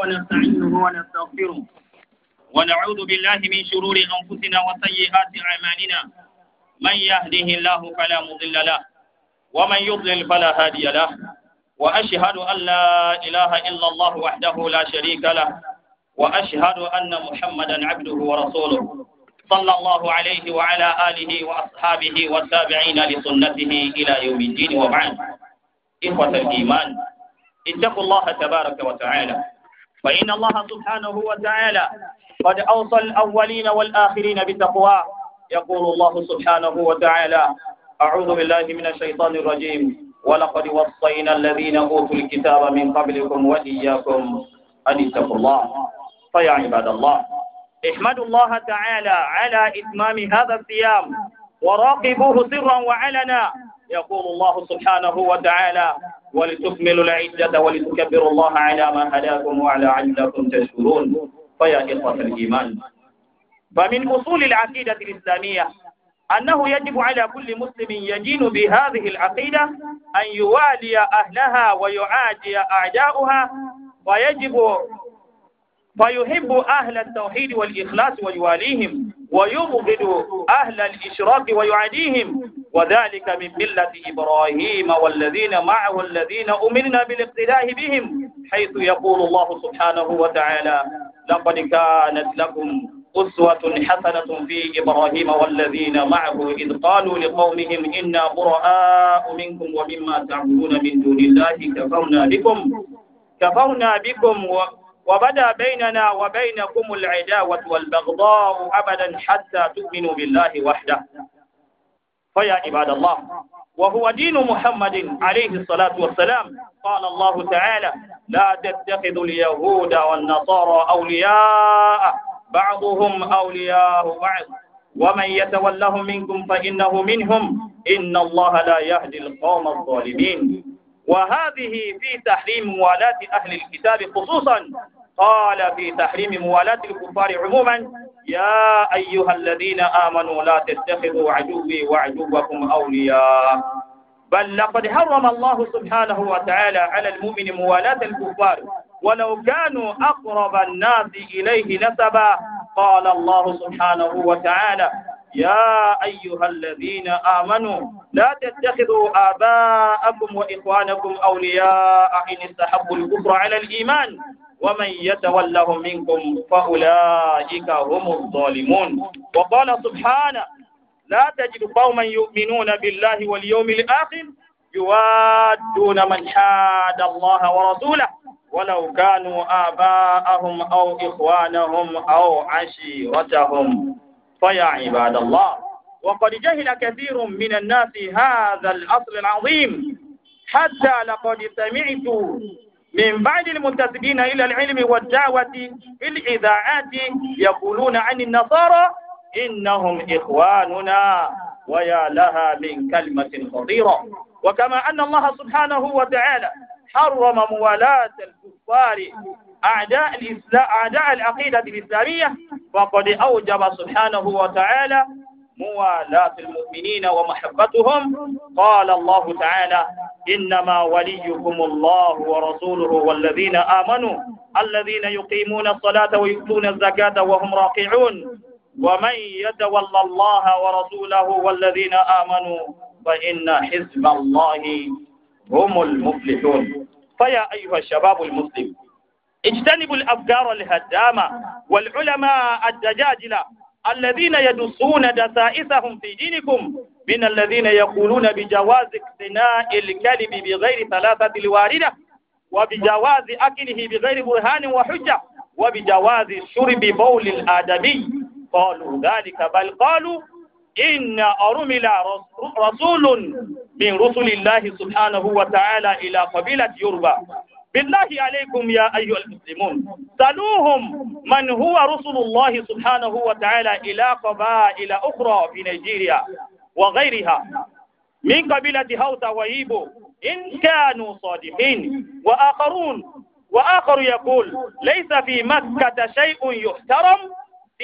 ونستعينه ونستغفره ونعوذ بالله من شرور أنفسنا وسيئات أعمالنا من يهده الله فلا مضل له ومن يضلل فلا هادي له وأشهد أن لا إله إلا الله وحده لا شريك له وأشهد أن محمدا عبده ورسوله صلى الله عليه وعلى آله وأصحابه والتابعين لسنته إلى يوم الدين وبعد إخوة الإيمان اتقوا الله تبارك وتعالى فإن الله سبحانه وتعالى قد أوصى الأولين والآخرين بتقواه يقول الله سبحانه وتعالى أعوذ بالله من الشيطان الرجيم ولقد وصينا الذين أوتوا الكتاب من قبلكم وإياكم أن اتقوا الله فيا عباد الله احمدوا الله تعالى على إتمام هذا الصيام وراقبوه سرا وعلنا يقول الله سبحانه وتعالى ولتكملوا العدة ولتكبروا الله على ما هداكم وعلى عندكم تشكرون فيا إخوة الإيمان فمن أصول العقيدة الإسلامية أنه يجب على كل مسلم يدين بهذه العقيدة أن يوالي أهلها ويعادي أعداؤها ويجب فيحب أهل التوحيد والإخلاص ويواليهم ويبغض أهل الإشراك ويعاديهم وذلك من ملة إبراهيم والذين معه الذين أمرنا بالاقتداء بهم حيث يقول الله سبحانه وتعالى لقد كانت لكم أسوة حسنة في إبراهيم والذين معه إذ قالوا لقومهم إنا براء منكم ومما تعبدون من دون الله كفرنا بكم كفرنا بكم و وبدا بيننا وبينكم العداوة والبغضاء أبدا حتى تؤمنوا بالله وحده فيا عباد الله وهو دين محمد عليه الصلاة والسلام قال الله تعالى لا تتخذوا اليهود والنصارى أولياء بعضهم أولياء بعض ومن يتولهم منكم فإنه منهم إن الله لا يهدي القوم الظالمين وهذه في تحريم موالاة أهل الكتاب خصوصا قال في تحريم موالاة الكفار عموما يا أيها الذين آمنوا لا تتخذوا عدوي وعدوكم أولياء بل لقد حرم الله سبحانه وتعالى على المؤمن موالاة الكفار ولو كانوا أقرب الناس إليه نسبا قال الله سبحانه وتعالى يا أيها الذين آمنوا لا تتخذوا آباءكم وإخوانكم أولياء إن استحبوا الكفر على الإيمان ومن يتوله منكم فأولئك هم الظالمون وقال سبحانه لا تجد قوما يؤمنون بالله واليوم الآخر يوادون من حاد الله ورسوله ولو كانوا آباءهم أو إخوانهم أو عشيرتهم فيا عباد الله وقد جهل كثير من الناس هذا الأصل العظيم حتى لقد سمعت من بعد المنتسبين إلى العلم والدعوة في الإذاعات يقولون عن النصارى إنهم إخواننا ويا لها من كلمة خطيرة وكما أن الله سبحانه وتعالى حرم موالاة الكفار أعداء الإسلام أعداء العقيدة الإسلامية فقد أوجب سبحانه وتعالى موالاة المؤمنين ومحبتهم قال الله تعالى إنما وليكم الله ورسوله والذين آمنوا الذين يقيمون الصلاة ويؤتون الزكاة وهم راكعون ومن يتولى الله ورسوله والذين آمنوا فإن حزب الله هم المفلحون فيا أيها الشباب المسلم اجتنبوا الأفكار الهدامة والعلماء الدجاجلة الذين يدسون دسائسهم في دينكم من الذين يقولون بجواز اقتناء الكلب بغير ثلاثة الواردة وبجواز أكله بغير برهان وحجة وبجواز شرب بول الآدمي قالوا ذلك بل قالوا إن أرمل رسول من رسل الله سبحانه وتعالى إلى قبيلة يربى بالله عليكم يا أيها المسلمون سلوهم من هو رسول الله سبحانه وتعالى إلى قبائل أخرى في نيجيريا وغيرها من قبيلة هوتا وهيبو إن كانوا صادقين وآخرون وآخر يقول ليس في مكة شيء يحترم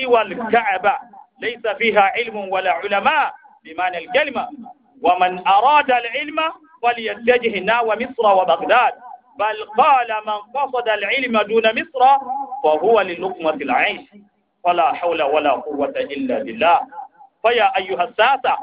سوى الكعبة ليس فيها علم ولا علماء بمعنى الكلمة ومن أراد العلم فليتجه نحو مصر وبغداد بل قال من قصد العلم دون مصر فهو للقمة العيش فلا حول ولا قوة إلا بالله فيا أيها الساسة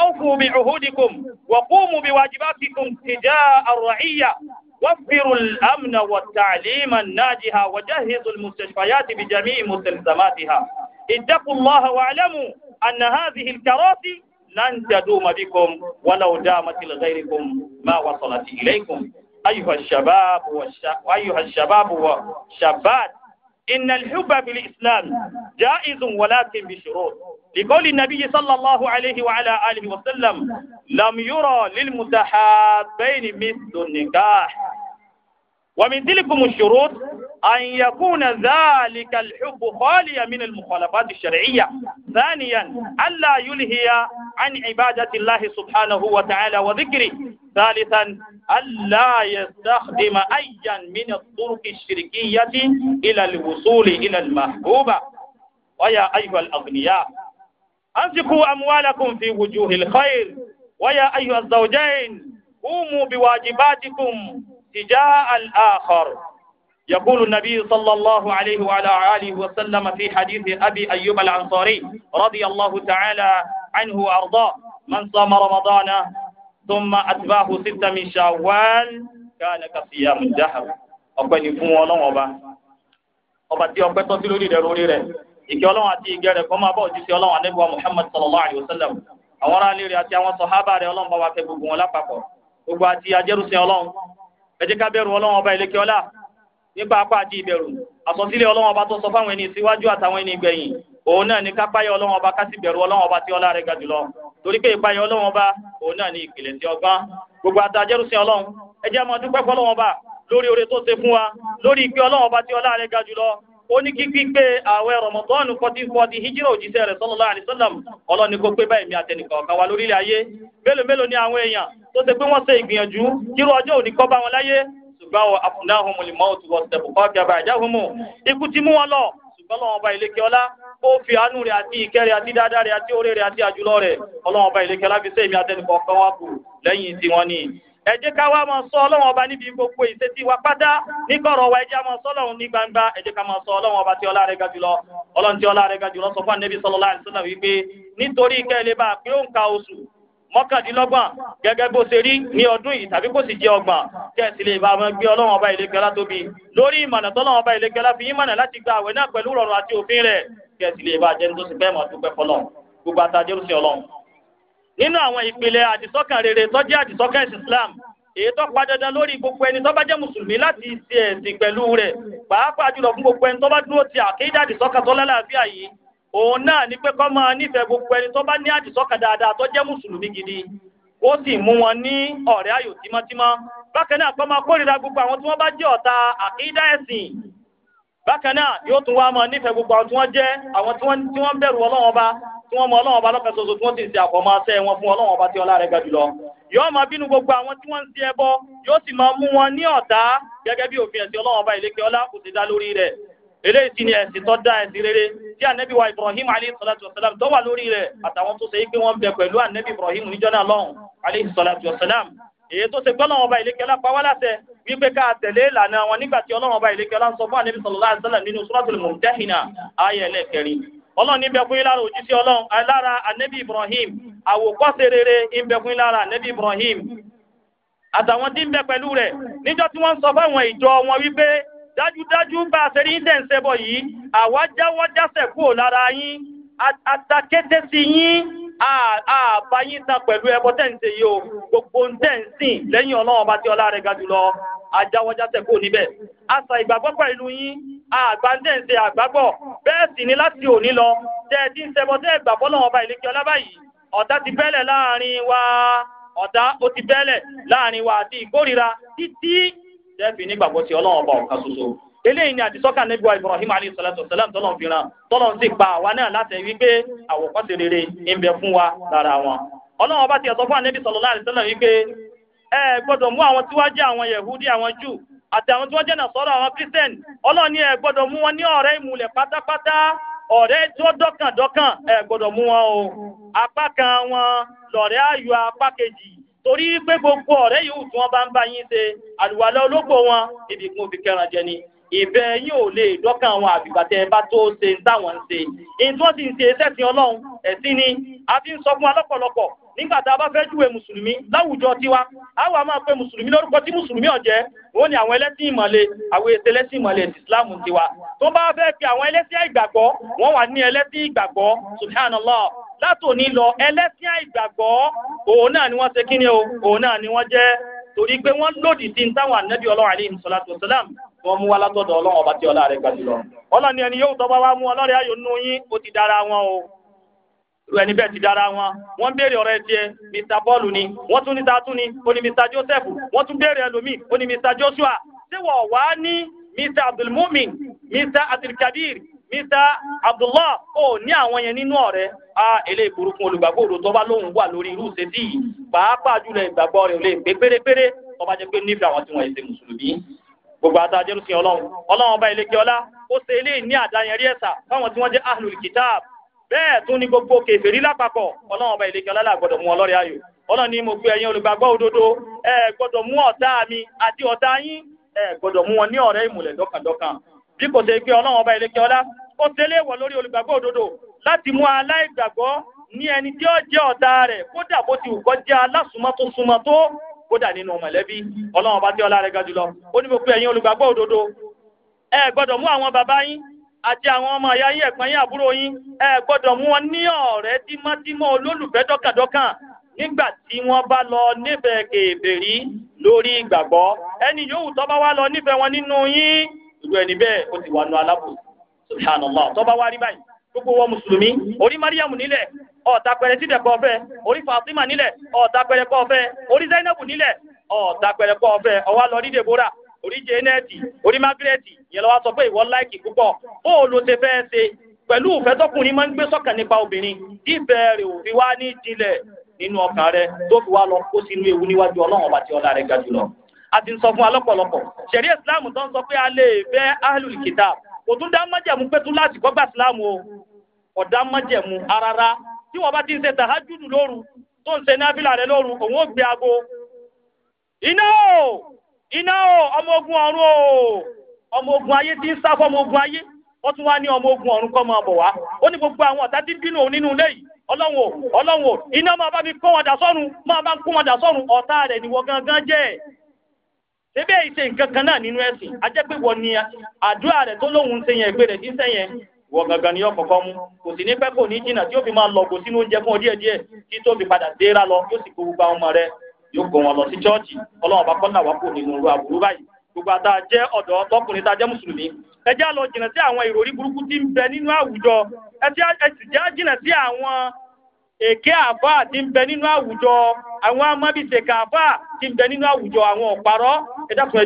أوفوا بعهودكم وقوموا بواجباتكم تجاه الرعية وفروا الأمن والتعليم الناجح وجهزوا المستشفيات بجميع مستلزماتها اتقوا الله واعلموا أن هذه الكراسي لن تدوم بكم ولو دامت لغيركم ما وصلت إليكم أيها الشباب وأيها الشباب والشابات إن الحب بالإسلام جائز ولكن بشروط لقول النبي صلى الله عليه وعلى آله وسلم لم يرى للمتحابين مثل النكاح ومن تلكم الشروط أن يكون ذلك الحب خاليا من المخالفات الشرعية ثانيا ألا يلهي عن عبادة الله سبحانه وتعالى وذكره ثالثا ألا يستخدم أيا من الطرق الشركية إلى الوصول إلى المحبوبة ويا أيها الأغنياء أنفقوا أموالكم في وجوه الخير ويا أيها الزوجين قوموا بواجباتكم تجاه الآخر يقول النبي صلى الله عليه وعلى آله وسلم في حديث أبي أيوب الأنصاري رضي الله تعالى عنه وأرضاه من صام رمضان ثم أتباه ستة من شوال كان كصيام الدهر ọpẹ́ ni fún Ọlọ́run ọba ọba tí ọpẹ́ tọ́ ìkẹ́ Ọlọ́run àti ìgẹ́ rẹ̀ kó máa bá Ọlọ́run anábíwá Muhammad sallallahu alayhi wa sallam àwọn ará rẹ̀ àti àwọn sọhábà rẹ̀ Ọlọ́run bá wa kẹ́ gbogbo wọn lápapọ̀ gbogbo àti ajẹrùsẹ Ọlọ́run ẹ jẹ́ ká bẹ̀rù ọlọ́wọ́n ọba ìlẹ́kẹ́ ọlá nípa apá àti ìbẹ̀rù àsọsílẹ̀ ọlọ́wọ́n ọba tó sọ fáwọn ẹni síwájú àtàwọn ẹni gbẹ̀yìn òun náà ní kápáyọ ọlọ́wọ́n ọba ká sì bẹ̀rù ọlọ́wọ́n ọba tí ọlá rẹ̀ ga jùlọ torí pé ìpáyọ ọlọ́wọ́n ọba òun náà ní ìpìlẹ̀ tí ọgbọ́n gbogbo àtàjẹrùsìn ọlọ́run ẹ jẹ́ máa dúpẹ́ fọlọ́wọ́n ọba lórí oore tó ṣe fún wa lórí ìpè ọlọ́wọ́n ọba tí ọlá rẹ̀ ga jùlọ oníkíkígbé ààwẹ̀ rọmọdọ́ọ̀nù fọtí fọtí hijira òjíṣẹ́ rẹ̀ sallallahu alaihi wasallam ọlọ́ni kó pé báyìí mi àtẹnìkan ọ̀kan wa lórílẹ̀ ayé mélòó mélòó ni àwọn èèyàn tó ṣe pé wọ́n ṣe ìgbìyànjú kírú ọjọ́ òní kọ́ bá wọn láyé ṣùgbọ́n àwọn afunahum lè mọ́ọ̀tù wọ́sẹ̀bù kọ́ọ̀kì àbàjáhùnmù ikú ti mú wọn lọ ṣùgbọ́n lọ́wọ́n ọba ìlékè ọlá ó fi àánú rẹ̀ àti ìkẹ́ rẹ̀ àti dáadáa rẹ̀ àti oore rẹ̀ àti àjùlọ rẹ̀ ọlọ́wọ́n ọba ìlékè fi sẹ́yìn mi àtẹnìkan ọ̀kan wa lẹ́yìn tiwọn ni ẹ ká wá máa sọ ọlọ́run ọba níbi gbogbo ìṣesí wa pátá ní kọ̀rọ̀ wa ẹ jẹ́ máa sọ ọlọ́run ní gbangba ẹ jẹ́ ká máa sọ ọlọ́run ọba tí ọlá rẹ̀ ga jùlọ ọlọ́run tí ọlá rẹ̀ ga jùlọ sọ fún ànẹ́bí sallallahu alaihi wasallam wípé nítorí kẹ́lẹ́ bá pé ó ń ka oṣù mọ́kàndínlọ́gbọ̀n gẹ́gẹ́ bó ṣe rí ní ọdún yìí tàbí kó sì jẹ́ ọgbọ̀n kí ẹ sì lè bá wọn gbé ọlọ́run ọba ìlẹ́gbẹ́ látóbi lórí ìmọ̀nà tọ́lọ́run ọba ìlẹ́gbẹ́ láfi ìmọ̀nà láti gba àwẹ̀ náà pẹ̀lú rọrùn àti òfin rẹ̀ kí ẹ sì lè bá jẹun tó sì fẹ́ mọ̀ dúpẹ́ fọlọ́run gbogbo àtàjẹ́rùsìn ọlọ́run nínú àwọn ìpìlẹ̀ àdìsọ́kàn rere tó jẹ́ àdìsọ́kàn Islam èyí tó pa dandan lórí gbogbo ẹni tó bá jẹ́ mùsùlùmí láti ṣe ẹ̀sìn pẹ̀lú rẹ̀ pàápàá jùlọ fún gbogbo ẹni tó bá dúró ti àkéjà àdìsọ́kàn tó lálàáfíà yìí òun náà ni pé kó máa nífẹ̀ẹ́ gbogbo ẹni tó bá ní àdìsọ́kàn dáadáa tó jẹ́ mùsùlùmí gidi ó sì mú wọn ní ọ̀rẹ́ ayò tímọ́tímọ́ bákan náà kó máa kórìíra gbogbo àwọn tí wọ́n bá jẹ́ ọ̀tá àkéjà ẹ̀sìn bákan náà yóò tún wá mọ nífẹ̀ẹ́ gbogbo àwọn tí wọ́n jẹ́ àwọn tí wọ́n bẹ̀rù ọlọ́wọ́n bá tí wọ́n mọ ọlọ́wọ́n bá lọ́kàn ṣoṣo tí wọ́n sì ń ṣe àkọ́mọ́ aṣẹ́ wọn fún ọlọ́wọ́n bá tí ọlá rẹ̀ ga jùlọ. yóò máa bínú gbogbo àwọn tí wọ́n ń ṣe ẹbọ yóò sì máa mú wọn ní ọ̀tá gẹ́gẹ́ bí òfin ẹ̀sìn ọlọ́wọ́n bá ilé pé kò sì dá lórí rẹ̀ eléyìí sì ni ẹ̀sìn tó dá ẹ̀sìn rere tí ànẹ́bí wa Ibrahim alayhi salatu wa salam tó wà lórí rẹ̀ àtàwọn tó ṣe é pé wọ́n bẹ pẹ̀lú ànẹ́bí Ibrahim níjọ́ náà lọ́hùn alayhi salatu wa salam èyí tó ṣe gbọ́dọ̀ ọba ìlékẹ́lá pawá láṣẹ wípé ká tẹ̀lé ìlànà wọn nígbà tí ọlọ́run ọba ìlékẹ́lá ń sọ fún ànábì sallallahu alaihi wasallam nínú suratul mumtahina ayé ẹlẹ́kẹrin ọlọ́run níbẹ̀ fún ìlara òjíṣẹ́ ọlọ́run lára ànábì ibrahim àwòkọ́ṣe rere ìbẹ̀ fún ìlara ànábì ibrahim àtàwọn tí ń bẹ pẹ̀lú rẹ̀ níjọ́ tí wọ́n ń sọ fáwọn ìjọ wọn wípé dájúdájú bá a ṣe rí dẹ̀ ń ṣẹbọ yìí àwa kúrò lára yín àtàkété sí yín àbáyín tán pẹ̀lú ẹbọ tẹ̀sí yìí o gbogbo ń tẹ̀sí lẹ́yìn ọlọ́run ọba tí ọlá rẹ̀ ga jùlọ ajáwọ́jásẹ̀ kò níbẹ̀. a sà ìgbàgbọ́ pẹ̀lú yín àgbà ń tẹ̀sí àgbàgbọ́ bẹ́ẹ̀ sì ni láti òní lọ tẹ̀ẹ̀dí ń sẹ́bọ tẹ́ ìgbàgbọ́ lọ́wọ́ ọba ìlékí ọlá báyìí ọ̀tá ti bẹ́lẹ̀ láàrin wa ọ̀tá ó ti bẹ́lẹ̀ láàrin wa àti ìkórira títí tẹ́ẹ̀fì nígbàgbọ́ sí ọlọ́run ọba ọ̀kan ṣoṣo eléyìí ni àdìsọ́kà níbi wa Ibrahim alayhi salatu wasalam tọ́lọ̀ fi ràn tọ́lọ̀ sì pa àwa náà láti wípé pe rere ń bẹ fún wa lára wọn. ọlọ́run ọba ti ẹ̀sọ́ fún ànábì sallallahu alaihi wípé ẹ gbọ́dọ̀ mú àwọn tí awọn àwọn àwọn jù àti àwọn tí wọ́n jẹ́ àwọn ni ẹ gbọ́dọ̀ mú wọn ní ọ̀rẹ́ ìmùlẹ̀ pátápátá ọ̀rẹ́ ẹ gbọ́dọ̀ mú wọn o apá kan wọn lọ̀rẹ́ ayọ̀ torí pé gbogbo ọ̀rẹ́ yìí tí wọ́n bá ń ìfẹ́ yín ò lè dọ́kàn àwọn àbígbàtẹ́ bá tó ṣe ń táwọn ń ṣe èyí tí wọ́n ti ń ṣe sẹ́sìn ọlọ́run ẹ̀sìn ni a ti ń sọ fún wa lọ́pọ̀lọpọ̀ nígbà tá a bá fẹ́ júwe mùsùlùmí láwùjọ tiwa a wà máa pe mùsùlùmí lórúkọ tí mùsùlùmí ọ̀jẹ́ òun ni àwọn ẹlẹ́sìn ìmọ̀le àwọn ètò ẹlẹ́sìn ìmọ̀le ìsìláàmù tiwa tó bá fẹ́ pe àwọn ẹlẹ́sìn àìgbàgbọ́ wọ́n wà ní ẹlẹ́sìn ìgbàgbọ́ subhanallah látòní lọ ẹlẹ́sìn àìgbàgbọ́ òun náà ni wọ́n ṣe kíni o òun náà ni wọ́n jẹ́ torí pé wọ́n lòdì sí ní táwọn ànábì ọlọ́run àlẹ́ ìmùsọ̀lá tó mú wá látọ̀dọ̀ ọlọ́run ọba tí ọlá rẹ̀ gbà jùlọ. ọlọ́run ni ẹni yóò tọ́ bá wá mú ọlọ́rẹ̀ ayò nù yín ó ti dára wọn o ẹni bẹ́ẹ̀ ti dára wọn wọ́n béèrè ọ̀rọ̀ ẹ̀ mr bọ́ọ̀lù ni wọ́n tún ní tatú ni ó ní mr joseph wọ́n tún béèrè ẹlòmíì ó ní mr joshua ṣé wọ́n wá ní mr abdulmumin mr abdulkadir mr abdullah ó ní àwọn yẹn nínú ọ̀rẹ́ a eléyìí burúkú olùgbàgbọ́ òdo tó bá lóun wà lórí irú ìṣesí yìí pàápàá jùlọ ìgbàgbọ́ rẹ̀ ò lè pé pérépéré tó bá jẹ́ pé nífẹ̀ẹ́ àwọn tí wọ́n ṣe mùsùlùmí gbogbo ata jẹrùsìn Ọlọ́run Ọlọ́run ọba ilé kíọlá ó ṣe eléyìí ní àdáyẹrí ẹsà fáwọn tí wọn jẹ ahlul kitab bẹ́ẹ̀ tún ní gbogbo kèfèrí lápapọ̀ Ọlọ́run ọba ilé kíọlá làgbọ́dọ̀ mú ọlọrẹ ayò Ọlọ́run ni mo gbé ẹ̀yin olùgbàgbọ́ òdodo ẹ gbọ́dọ̀ mú ọ̀tá mi àti ọ̀tá yín ẹ gbọ́dọ̀ mú wọn ní ọ̀rẹ́ ìmùlẹ̀ dọkàndọkàn bí kò ṣe pé Ọlọ́run ọba ilé kíọlá ó ṣe léèwọ̀ lórí olùgbàgbọ́ òdodo láti mú aláìgbàgbọ́ ní ẹni tí ó jẹ ọ̀tá rẹ̀ kódà bó ti wù kó jẹ alásùmọ tó kódà nínú mọ̀lẹ́bí ọlọ́run bá tí ọlá rẹ̀ ga jùlọ ó ní mo pé ẹ̀yin olùgbàgbọ́ òdodo ẹ gbọ́dọ̀ mú àwọn bàbá yín àti àwọn ọmọ ìyá yín ẹ̀gbọ́n yín àbúrò yín ẹ gbọ́dọ̀ mú wọn ní ọ̀rẹ́ tímọ́tímọ́ olólùfẹ́ dọ́kàndọ́kàn nígbà tí wọ́n bá lọ nífẹ̀ẹ́ kèbèrí lórí ìgbàgbọ́ ẹni yòówù tó bá wá lọ nífẹ̀ẹ́ wọn nínú yín irú ẹni bẹ́ẹ̀ ó ti wà nù alábò subhanallah tó bá wá rí báyìí gbogbo wọn mùsùlùmí orí mariam nílẹ̀ ọ̀tàpẹrẹ síbẹ̀ kọ́ fẹ́ orí Fatima nílẹ̀ ọ̀tàpẹrẹ kọ́ fẹ́ orí Zainabu nílẹ̀ ọ̀tàpẹrẹ kọ́ fẹ́ ọwá lọ rí Deborah orí Jẹ́nẹ́ẹ̀tì orí Margaret yẹn sọ pé ìwọ o fẹ́ ṣe pẹ̀lú ìfẹ́ tọkùnrin máa ń gbé sọ́kàn nípa obìnrin rẹ̀ ò fi wá ní nínú ọkàn tó fi wá lọ kó sínú ewu níwájú Ọlọ́run ọlá rẹ̀ ga jùlọ a ti ń sọ fún tí wọ́n bá ti ń ṣe tàhájúdù lóru tó ń se náfìlà rẹ̀ lóru òun ó gbé aago. iná o iná o ọmọ ogun ọrụ o ọmọ ogun ayé ti ń sá fún ọmọ ogun ayé wọ́n tún wá ní ọmọ ogun ọ̀run kọ́ máa bọ̀ wá ó ní gbogbo àwọn ọ̀tá tí ń bínú nínú ilé yìí ọlọ́wọ̀ ọlọ́wọ̀ iná máa bá mi kó wọn dà sọ́run máa bá ń kó wọn dà sọ́run ọ̀tá a ni àdúrà rẹ̀ tó ṣe yẹn ìgbé wọ gangan ni mụ mú kò sì ní pẹ́ kò ní jìnnà tí yóò fi máa sínú oúnjẹ fún ọ kí tó fi padà déra lọ yóò sì kó gbogbo àwọn ọmọ rẹ yóò kó wọn lọ sí chọ́ọ̀chì ọlọ́run bá kọ́nà wá kò nínú àbúrú báyìí gbogbo àtà jẹ́ ọ̀dọ́ tọkùnrin tá mùsùlùmí ẹ lọ jìnnà sí àwọn ìròrí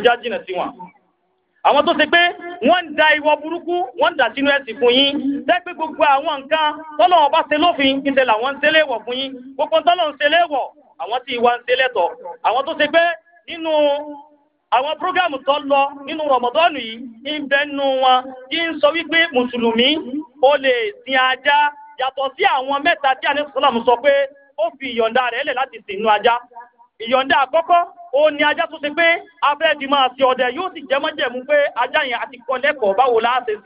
burúkú tí àwọn tó ṣe pé wọ́n ń da ìwọ burúkú wọ́n ń dà sínú ẹ̀sìn fún yín jẹ́ pé gbogbo àwọn nǹkan tọ́lọ̀ ọba ṣe lófin ìṣẹ̀ làwọn ń ṣe léèwọ̀ fún yín gbogbo tọ́lọ̀ ń ṣe léèwọ̀ àwọn tí ìwà ń ṣe lẹ́tọ̀ àwọn tó ṣe pé nínú àwọn prógámù tó lọ nínú rọmọdọ́nù yìí ń bẹ nínú wọn kí ń sọ wípé mùsùlùmí ó lè sin ajá yàtọ̀ sí àwọn mẹ́ta tí àníṣe ó ní ajá tó ṣe pé abẹ́ẹ̀dì máa ṣe ọdẹ yóò sì jẹ́ pé ajá yẹn àti báwo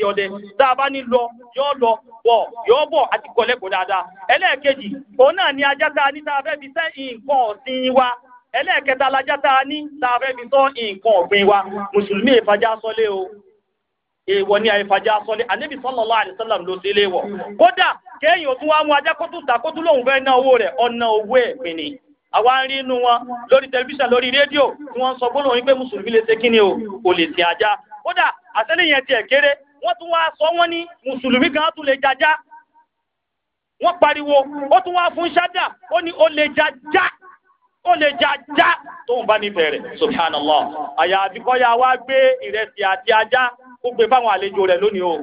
ọdẹ tá a bá ní lọ yóò lọ bọ̀ yóò bọ̀ àti kọ́lẹ́kọ̀ọ́ dáadáa ẹlẹ́ẹ̀kejì òun náà ní ajá tá a ní tá a fẹ́ fi nǹkan ọ̀sìn wa ẹlẹ́ẹ̀kẹta lajá tá a ní tá a fẹ́ fi tọ́ nǹkan ọ̀gbìn wa mùsùlùmí o èèwọ̀ ni àìfàjá sọ́lé ànábì sallallahu ló kódà kéèyàn tún wá mú ajá kó ta kó tún lóun fẹ́ ná owó rẹ̀ ọ̀nà owó àwa ń rí inú wọn lórí tẹlifíṣàn lórí rédíò tí wọ́n ń sọ gbólóhùn wípé mùsùlùmí lè ṣe kí ni o kò lè ṣe ajá kódà àtẹ́lẹ̀ yẹn tiẹ̀ kéré wọ́n tún wá sọ wọ́n ní mùsùlùmí kan tún lè jajá wọ́n pariwo ó tún wá fún ṣádà ó ní ó lè jajá ó lè jajá tóun bá nífẹ̀ẹ́ rẹ̀ subhanallah àyà àbíkọ́yà wá gbé ìrẹsì àti ajá ó gbé fáwọn àlejò rẹ̀ lónìí o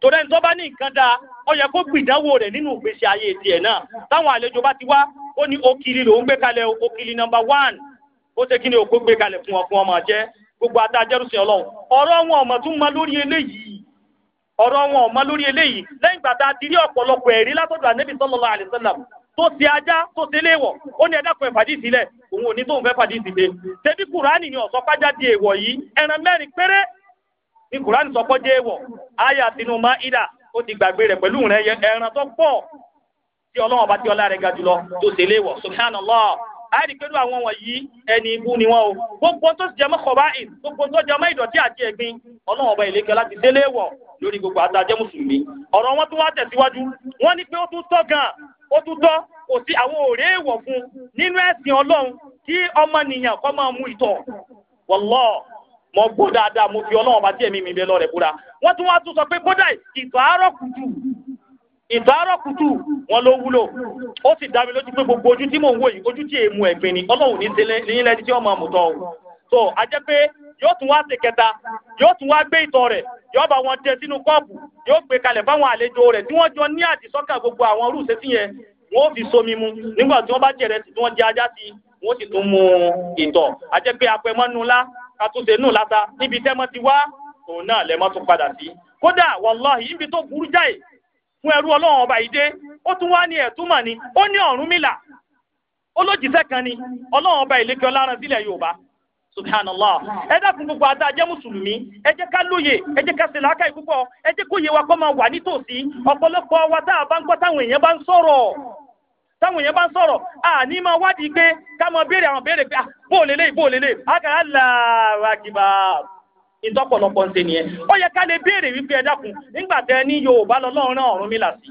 torí ẹni tó bá ní nǹkan dáa ó yẹ kó gbìdánwò rẹ nínú ìgbésí ayé tiẹ̀ náà táwọn àlejò bá ti wá ó ní okiri lòún gbé kalẹ̀ okiri nọ́mbà one ó ṣe kí ni òkú gbé kalẹ̀ fún ọkùn ọmọ jẹ́ gbogbo adájẹ́rùsìn wọn ọmọ tún lórí eléyìí wọn ọmọ lórí eléyìí tá a ti rí di yìí ẹran tí kùránì sọ pọ́ jẹ́ èèwọ̀ àyà tinú Máídà ó ti gbàgbé rẹ̀ pẹ̀lú rẹ̀ ẹran tó pọ̀ tí ọlọ́wọ́n bá tí ọlá rẹ̀ ga jùlọ tó ṣe léèwọ̀ subhanallah àyàdì pẹ̀lú àwọn wọ̀nyí ẹni ibú ni wọ́n o gbogbo tó jẹ mọ́ kọ̀ọ̀bá ì gbogbo tó jẹ mọ́ ìdọ̀tí àti ẹ̀gbin ọlọ́wọ́n ọba ìlẹ́kẹ́ láti délé wọ̀ lórí gbogbo àtàjẹ́ mùsùlùmí ọ̀rọ̀ wọn tún wá tẹ̀síwájú wọ́n ní pé ó tún tọ́ gan ó tún tọ́ kò sí àwọn òré èèwọ̀ fún nínú ẹ̀sìn ọlọ́run kí ọmọnìyàn kọ́ máa mu ìtọ̀ wọ́lọ́ọ̀ mo gbọ́ dáadáa mo fi ọlọ́run bá tí ẹ̀mí mi bẹ lọ rẹ̀ búra wọ́n tún wá tún sọ pé kódà ìtọ̀ àárọ̀ kùtù ìtọ̀ àárọ̀ kùtù wọn ló wúlò ó sì dá mi lójú pé gbogbo ojú tí mò ń wò yìí ojú tí èmu ẹ̀gbìn ni ọlọ́run ní tẹ́lẹ̀ ní ilẹ̀ tí ọmọ àmùtọ́ o so a jẹ́ pé yóò tún wá ṣe kẹta yóò tún wá gbé ìtọ̀ rẹ̀ yóò bá wọn tẹ sínú kọ́ọ̀pù yóò gbé kalẹ̀ fáwọn àlejò rẹ̀ tí wọ́n jọ ní àdìsọ́kà gbogbo àwọn rúùsẹ́ sí yẹn wọ́n fi somi mu nígbà tí wọ́n bá jẹ̀rẹ̀ tí wọ́n jẹ ajá sí wọ́n sì tún mu ìtọ̀ a jẹ́ pé apẹ̀mọ́nulá àtúnṣe nù láta níbi tẹ́mọ́ ti wá òun náà lẹ́mọ́ tún padà sí. kódà wàláhì ibi tó burú jáì fún ẹrú ọlọ́run ọba yìí dé ó tún wá ní ẹ̀túnmọ̀ ni ó ní Ọ̀rúnmìlà kan ni ọlọ́run ọba ìlékè ọlárun sílẹ̀ yorùbá subhanallah ẹ dákun gbogbo ata jẹ́ mùsùlùmí ẹ jẹ́ ká lóye ẹ jẹ́ ká ṣe wà nítòsí ọ̀pọ̀lọpọ̀ wa bá ń gbọ́ táwọn èèyàn bá ń sọ̀rọ̀ àní máa wádìí pé ká máa béèrè àwọn béèrè pé ah, bó lélẹ̀ bó lélẹ̀ àkàrà làrá kìbà ìtọ́pọ̀lọpọ̀ ń ṣe nìyẹn ó yẹ ká lè béèrè wípé ẹ dákun nígbà tẹ ní Yorùbá lọ́lọ́run náà Ọ̀rúnmìlà sí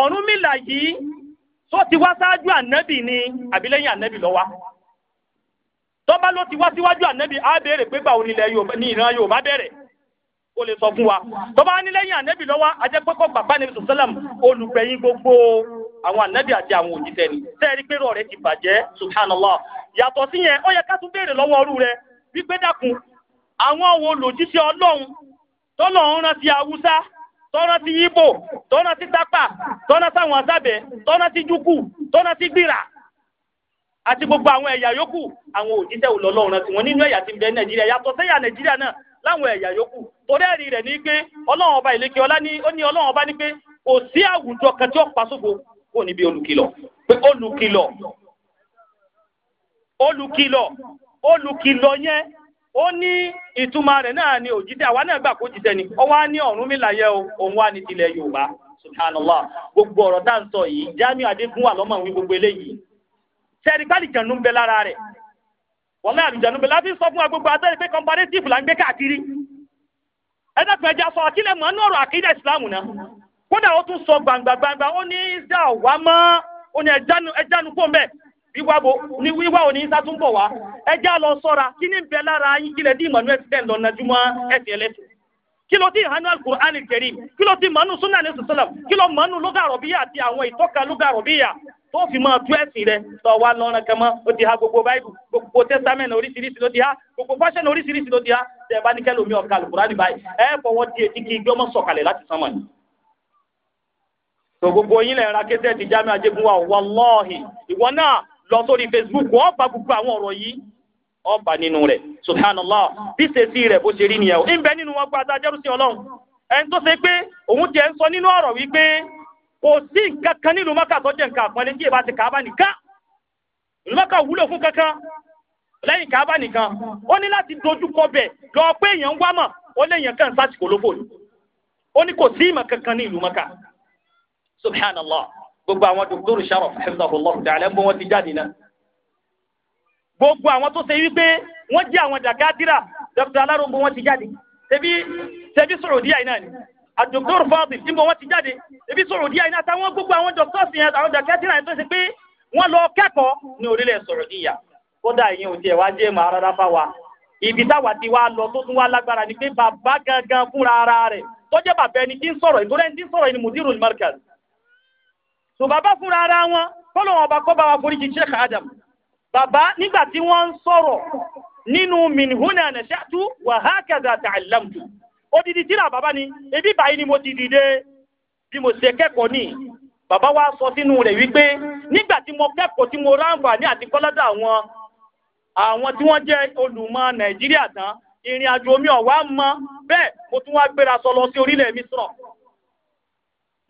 Ọ̀rúnmìlà yìí tó ti wá ṣáájú ànábì ni àbílẹ́yìn ànábì ló wà tọ́ba ló ti wá síwájú ànábì á béèrè pé gbà onílẹ̀ ní ìran Yorùbá bẹ̀rẹ̀ ó lè sọ fún wa tọ́ba nílẹ̀yìn ní sọ́sálàm olùgbẹ̀yìn gbogbo àwọn ànábì àti àwọn òjíṣẹ́ ni tẹ́ẹ̀rí pé rọ̀ rẹ ti bàjẹ́ subhanallah yàtọ̀ sí yẹn ó yẹ ká tún béèrè lọ́wọ́ ọrú rẹ wípé dákun àwọn wo lòjíṣẹ́ ọlọ́run tọ́lọ̀ ń rántí haúsá tọ́ná sí yíbò tọ́ná tápà sáwọn gbogbo àwọn ẹ̀yà yòókù àwọn òjíṣẹ́ wọn nínú ẹ̀yà bẹ nàìjíríà yàtọ̀ sẹ́yà nàìjíríà náà láwọn ẹ̀yà yòókù kó níbi olùkìlọ̀ pé olùkìlọ̀ yẹn ó ní náà ni àwa náà gbà kó ni ó wá ní yẹ o òun wá ní tilẹ̀ Yorùbá subhanallah gbogbo ọ̀rọ̀ tá yìí jami Adégún wà lọ́mọ àwọn gbogbo eléyìí jẹ̀nu ń bẹ lára rẹ̀ wọ́n bẹ láti sọ fún wa gbogbo pé comparative là ń gbé káàkiri náà kódà ó tún sọ gbangba gbangba ó ní isa wá onye ó ní ẹjánu kó mbẹ́ wíwá bo ní wíwá ò ní tún wá lọ sọra kí ní bẹ lára yín emmanuel lọ najúmọ́ ẹsẹ̀ ẹlẹ́sìn kí ló ti hanu kí manu sunna ní sọsọlọ manu lóga àròbíyà àti àwọn ìtọ́ka lóga àròbíyà tó fi máa tú ha gbogbo báyìí gbogbo ha gbogbo fáṣẹ́nì oríṣiríṣi ha tẹ̀ bá ní ọ̀ka di etí kí sọ̀kalẹ̀ láti sánmọ̀ tó gbogbo yín lè ra kéṣẹ́ ti Jamiu Ajégúnwà wàláhì ìwọ náà lọ sórí Facebook wọ́n bá gbogbo àwọn ọ̀rọ̀ yìí nínú rẹ̀ subhanallah bí sèṣì rẹ̀ bó ṣe rí nìyẹn o ń nínú wọn gba sí ọlọ́run ẹni tó ṣe pé òun sọ nínú ọ̀rọ̀ wípé kò sí nǹkan kan nílùú mọ́kà tó nǹkan àpọ́nlé tí ti kàá bá nìkan ìlú maka wúlò fún kankan lẹ́yìn kàá bá nìkan ó ní láti dojú kọ bẹ̀ subhanallah gbogbo àwọn dòkítọ́rù sharaf hafizahullah ta'ala gbogbo wọn ti jáde náà gbogbo àwọn tó ṣe wípé wọ́n jẹ́ àwọn dàgádìrà dr alaro gbogbo wọn ti jáde ṣebí ṣebí Saudiya náà ni àdòkítọ́rù fáàbì gbogbo wọn ti jáde ṣebí Saudiya náà táwọn gbogbo àwọn dòkítọ́sì yẹn àwọn dàgádìrà yẹn tó ṣe pé wọ́n lọ kẹ́kọ̀ọ́ ní orílẹ̀ Saudiya kódà ìyẹn ò tiẹ̀ wá jẹ́ màá rárá fáwa ibi táwa ti wá lọ tó tún wá lágbára ni pé bàbá gangan fúnra ara rẹ̀ tó jẹ́ bàbá ẹni tí ń sọ̀rọ̀ ìtòlẹ́ni tí ń sọ̀rọ̀ ẹni mudirul markaz tó bàbá fúnra ara wọn kọ́lọ̀ wọn bá kọ́ bá wa foríjì Sheikh Adam bàbá nígbà tí wọ́n ń sọ̀rọ̀ nínú minhuna nashatu wa hakaza ta'allamtu odidi tíra bàbá ni ebi báyìí ni mo ti dìde bí mo ṣe kẹ́kọ̀ọ́ ní bàbá wa sọ sínú rẹ̀ wípé nígbà tí mo kẹ́kọ̀ọ́ tí mo ráǹfààní àti kọ́lọ́dọ̀ àwọn àwọn tí wọ́n jẹ́ olùmọ̀ Nàìjíríà tán ìrìn àjò mi ọ̀wá mọ́ bẹ́ẹ̀ mo tún wá gbéra sọ lọ sí orílẹ̀ mi sọ̀rọ̀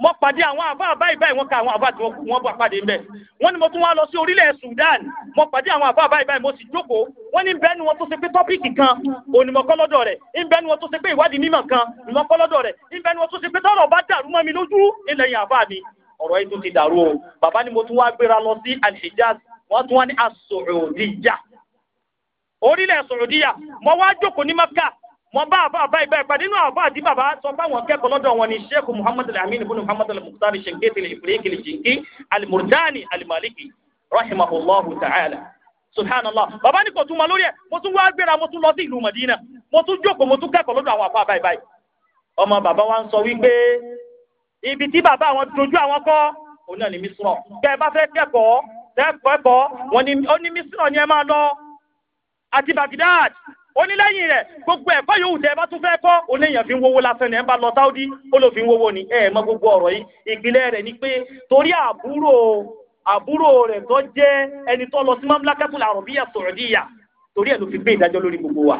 mo pàdé àwọn àbá àbáyé báyìí wọ́n ka àwọn àbá tí wọ́n bá pàdé ń bẹ̀ wọ́n ní mo tún wá lọ sí orílẹ̀ Sudan mo pàdé àwọn àbá àbáyé báyìí mo sì jókòó wọ́n ní bẹ́ẹ̀ ni wọ́n tó ṣe pé tọ́pìkì kan onímọ̀kọ́ lọ́dọ̀ rẹ̀ ń bẹ́ẹ̀ ni wọ́n tó ṣe pé ìwádìí mímọ̀ kan onímọ̀kọ́ lọ́dọ̀ rẹ̀ ń bẹ́ẹ̀ ni wọ́n tó ṣe pé tọ́rọ̀ bá dàrú mọ́ mi lójú ìlẹ̀yìn àbá mi ọ̀rọ̀ yìí tún ti dàrú o bàbá ni mo tún wá gbéra lọ sí Al-Hijaz wọ́n tún wá ní asòròdìyà orílẹ̀ sòròdìyà mo wá jókòó ní Maka mo bá àbá àbá ìbá ìpàdé inú àbá àti bàbá sọ báwọn kẹ́kọ̀ọ́ lọ́dọ̀ wọn ni sheikh muhammad al-amin ibn muhammad al-muqtari sheikh al-ifriqi al-jinki al-murdani al-maliki rahimahullahu ta'ala subhanallah bàbá ní kò tún ma lórí ẹ mo tún wá gbéra mo tún lọ sí ìlú madina mo tún jókòó mo tún kẹ́kọ̀ọ́ lọ́dọ̀ àwọn àbá àbá ìbá ọmọ bàbá wa ń sọ wípé ibi tí bàbá àwọn dojú àwọn kọ òun náà ni misrọ kẹ ẹ bá fẹ́ kẹ́kọ̀ọ́ ó ní lẹ́yìn rẹ̀ gbogbo ẹ̀kọ́ yòówù tẹ́ ẹ bá tún fẹ́ kọ́ ó léèyàn fi ń wowó lásán ni ẹ bá lọ sáúdí ó lò fi ń wowó ni ẹ mọ gbogbo ọ̀rọ̀ yìí ìpìlẹ̀ rẹ̀ ni pé torí àbúrò àbúrò rẹ̀ tó jẹ́ ẹni tó lọ sí mamlakatul arabiya saudiya torí ẹ̀ ló fi gbé ìdájọ́ lórí gbogbo wa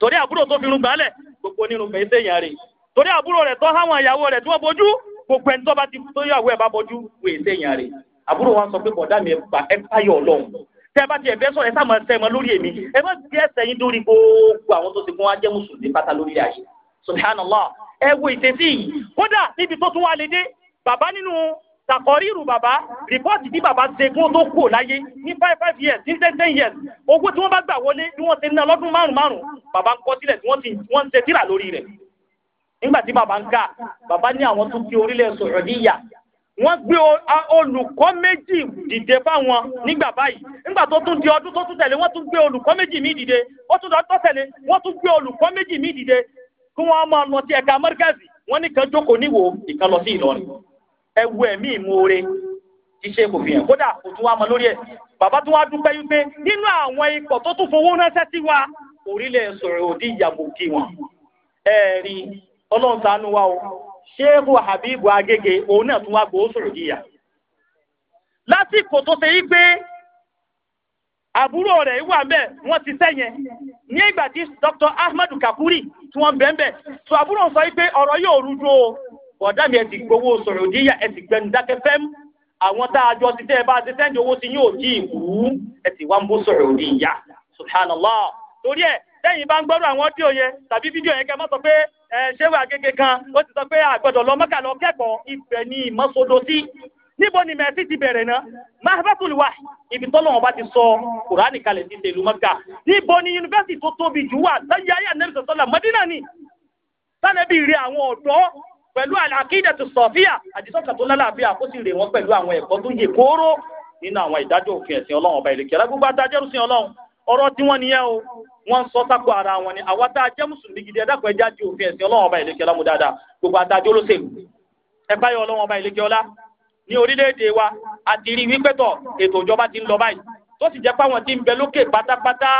torí àbúrò tó fi rún gbálẹ̀ gbogbo nínú fèsì èèyàn rẹ̀ torí àbúrò rẹ̀ tó háwọn ìyàwó rẹ̀ tí wọ́n bojú gbogbo ẹni tó bá ti tó yàwó ẹ̀ bá bojú fèsì èèyàn rẹ̀ àbúrò wa sọ pé bọ̀dá mi ẹ̀ tẹ bá tiẹ̀ fẹ́ sọ̀rọ̀ ẹ sáà tẹ mọ lórí èmi ẹ má ti ẹsẹ̀ yín dórí gbogbo àwọn tó ti kún wá jẹ́ mùsùlùmí pátá lórí ayé subhanallah ẹ wo ìṣesí yìí kódà níbi tó tún wá lédè bàbá nínú sàkọrírù bàbá rìpọ́ọ̀tì tí bàbá ṣe kí wọ́n tó kú láyé ní five five years ní ten ten years owó tí wọ́n bá gbà wọlé bí wọ́n ṣe ná lọ́dún márùn márùn bàbá ń kọ́ sílẹ̀ tí wọ́n ti wọ́n ń ṣe tíra lórí rẹ̀ nígbà tí bàbá ń kà bàbá ní àwọn tó fi orílẹ̀ sọ̀rọ̀ níyà wọ́n gbé olùkọ́ méjì dìde fáwọn nígbà báyìí nígbà tó tún di ọdún tó tún tẹ̀lé wọ́n tún gbé olùkọ́ méjì mí dìde ó tún tó tẹ̀lé wọ́n tún gbé olùkọ́ méjì mí dìde kí wọ́n máa lọ sí ẹ̀ka mọ́ríkàzì wọ́n ní kan jókòó níwò ìkan lọ sí ìlọrin ẹwu ẹ̀mí ìmoore ti ṣe kò fi hàn kódà kò tún wá mọ lórí ẹ̀ bàbá tún wá dúpẹ́ wípé nínú àwọn ikọ̀ tó tún fowó ránṣẹ́ sí wa orílẹ̀ sọ̀rọ̀ òdì ìyàbò kí wọn ẹ̀ẹ́rì ọlọ́run ṣàánú wa o ṣéhù habibu agége òun náà tún wá gbòó sọ̀rọ̀ díyà lásìkò tó ṣe yí pé àbúrò rẹ̀ wà mbẹ́ wọ́n ti sẹ́yẹn ní ìgbà tí dr ahmadu kakuri tí wọ́n bẹ̀ tó àbúrò sọ yí pé ọ̀rọ̀ yóò rújú o bọ̀dá mi ẹ ti gbowó sọ̀rọ̀ díyà ẹ ti gbẹnu dákẹ́ fẹ́m àwọn tá a jọ ti tẹ́ ẹ ti owó ti yóò jí ìkú ti wá ń bó sọ̀rọ̀ torí ṣéwà gẹ́gẹ́ kan ó ti sọ pé àgbọ̀dọ̀ lọ mọ́kà lọ kẹ́kọ̀ọ́ ibẹ̀ ni ìmọ̀sodo sí níbo ni mẹ́sì ti bẹ̀rẹ̀ ná mahabatul wa ibi tọ́lọ̀ wọn bá ti sọ kùránì kalẹ̀ sí tèlú mọ́kà níbo ni yunifásitì tó tóbi jù wà sáyé ayé ànẹ́bí sọ̀tọ́lá mọ́dínà ni sànẹ́bí rí àwọn ọ̀dọ́ pẹ̀lú àkídàtù sọ̀fíà àdìsọ́kà tó lálàáfíà ó sì rè wọ́n pẹ̀lú àwọn ẹ̀kọ́ tó yè kóró nínú àwọn ìdájọ́ òfin ẹ̀sìn ọlọ́run ọba ìlẹ̀kẹ́ lágbègbè adájọ́rùsìn ọlọ́run ọ̀rọ̀ tí wọ́n nìyẹn o wọ́n sọ sápò ara wọn ni àwa tá mùsùlùmí gidi ẹ dákun ẹ já di òfin ẹ̀sìn ọlọ́wọ́n ọba ìlẹ́kẹ́ ọlá mu dáadáa gbogbo àtàjọ olóṣèlú ẹ báyọ̀ ọlọ́wọ́n ọba ìlẹ́kẹ́ ọlá ní orílẹ̀-èdè wa àti rí wípé tọ̀ ètò ìjọba ti ń lọ báyìí tó sì jẹ́ pé àwọn tí ń bẹ lókè pátápátá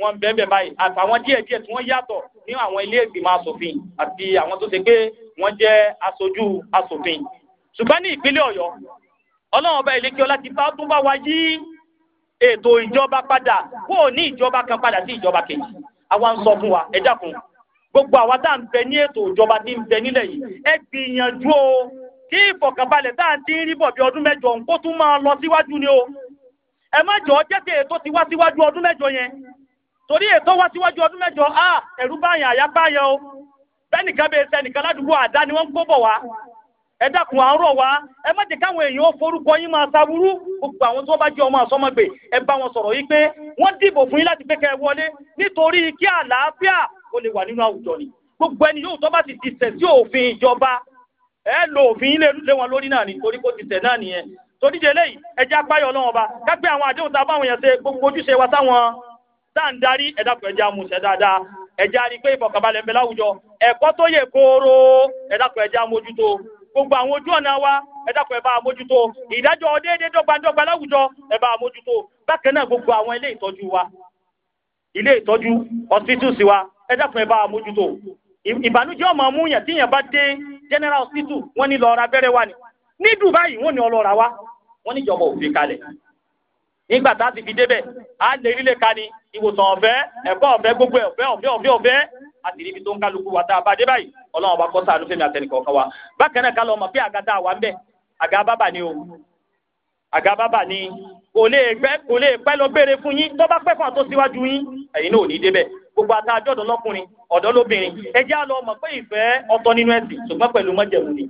wọn bẹ́ẹ̀ bẹ́ẹ̀ báyìí àtàwọn díẹ̀ díẹ̀ tí wọ́n yàtọ̀ ní àwọn ilé ìgbìmọ̀ asòfin àti àwọn tó ṣe pé wọ́n jẹ́ aṣojú asòfin ṣùgbọ́n ní ìpínlẹ̀ ọ̀yọ́ ọlọ́run ọba ìlẹ́kẹ́ ọlá ti bá tún bá wa yí ètò ìjọba padà kó o ní ìjọba kan padà sí ìjọba kejì àwa ń sọ fún wa ẹ dákun gbogbo àwa tá à ń bẹ ní ètò ìjọba tí ń bẹ nílẹ̀ yìí ẹ gbìyànjú o kí ìfọ̀kànbalẹ̀ tá à ń ti ń rí bí ọdún mẹ́jọ ń kó tún máa lọ síwájú ni o ẹ má jọ jẹ́tẹ̀ ètò ti wá síwájú ọdún mẹ́jọ yẹn torí ètò wá síwájú ọdún mẹ́jọ a ah, ẹ̀rú báyàn àyà báyàn o bẹ́nìkan bẹ́ẹ̀ sẹ́nìkan ládùúgbò àdá ni wọ́n ń kó bọ̀ wá ẹ dákun àárọ̀ wa ẹ má jẹ́ káwọn èèyàn ó forúkọ yín máa ṣàwúrú gbogbo àwọn tí wọ́n bá jẹ́ ọmọ àsọmọgbè ẹ bá wọn sọ̀rọ̀ yìí pé wọ́n dìbò fún yín láti pé kẹ́ ẹ wọlé nítorí kí àlàáfíà ó lè wà nínú àwùjọ ni gbogbo ẹni yóò tó bá ti ti tẹ̀ sí òfin ìjọba ẹ lo òfin ilé lé wọn lórí náà ni kó ti tẹ̀ náà nìyẹn torí délé yìí ẹ jẹ́ apáyọ̀ ọlọ́wọ́n ba kápẹ́ àwọn àdéhùn tá a báwọn yẹn ṣe gbogbo ojúṣe wa sáwọn tá à ń darí ẹ dákun ẹ jẹ́ amúṣẹ dáadáa ẹ jẹ́ àrí pé ìfọ̀kànbalẹ̀ ń bẹ láwùjọ ẹ̀kọ́ tó yẹ kóró ẹ dákun ẹ jẹ́ amójútó gbogbo àwọn ojú ọ̀nà wa ẹ dákun ẹ bá a mójútó ìdájọ́ déédéé dọ́gbandọ́gba láwùjọ ẹ bá a mójútó bákan náà gbogbo àwọn ilé ìtọ́jú wa ilé ìtọ́jú hospitals wa ẹ dákun ẹ bá a mójútó ìbànújẹ́ ọmọ amúyàn tíyàn bá dé general hospital wọ́n ní lọ ra abẹ́rẹ́ wa ni ní Dubai wọ́n ní ọlọ́ra wa wọ́n ní ìjọba òfin kalẹ̀ nígbà tá a ti fi débẹ̀ a lè rí lè ka ni ìwòsàn ọ̀fẹ́ ẹ̀kọ́ ọ̀fẹ́ gbogbo ọ̀fẹ́ ọ̀fẹ́ ọ̀fẹ́ àti níbi tó ń kálukú wa tá a bá dé báyìí ọlọ́run ọba kọ́ sànú fẹ́mi àtẹnìkọ̀ kan wa bákan náà ká lọ mọ̀ pé àga tá a wà ń bẹ̀ àga bábà ni o àga bábà ni kò lè gbẹ kò lè pẹ́ lọ béèrè fún yín tó bá pẹ́ fún àtó síwájú yín ẹ̀yin náà ò ní débẹ̀ gbogbo ata àjọ̀dọ̀ lọ́kùnrin ọ̀dọ́ lóbìnrin ẹ jẹ́ àlọ́ mọ̀ pé ìfẹ́ ọ̀tọ̀ nínú ẹ̀sìn ṣùgbọ́n pẹ̀lú mọ́jẹ̀mú ni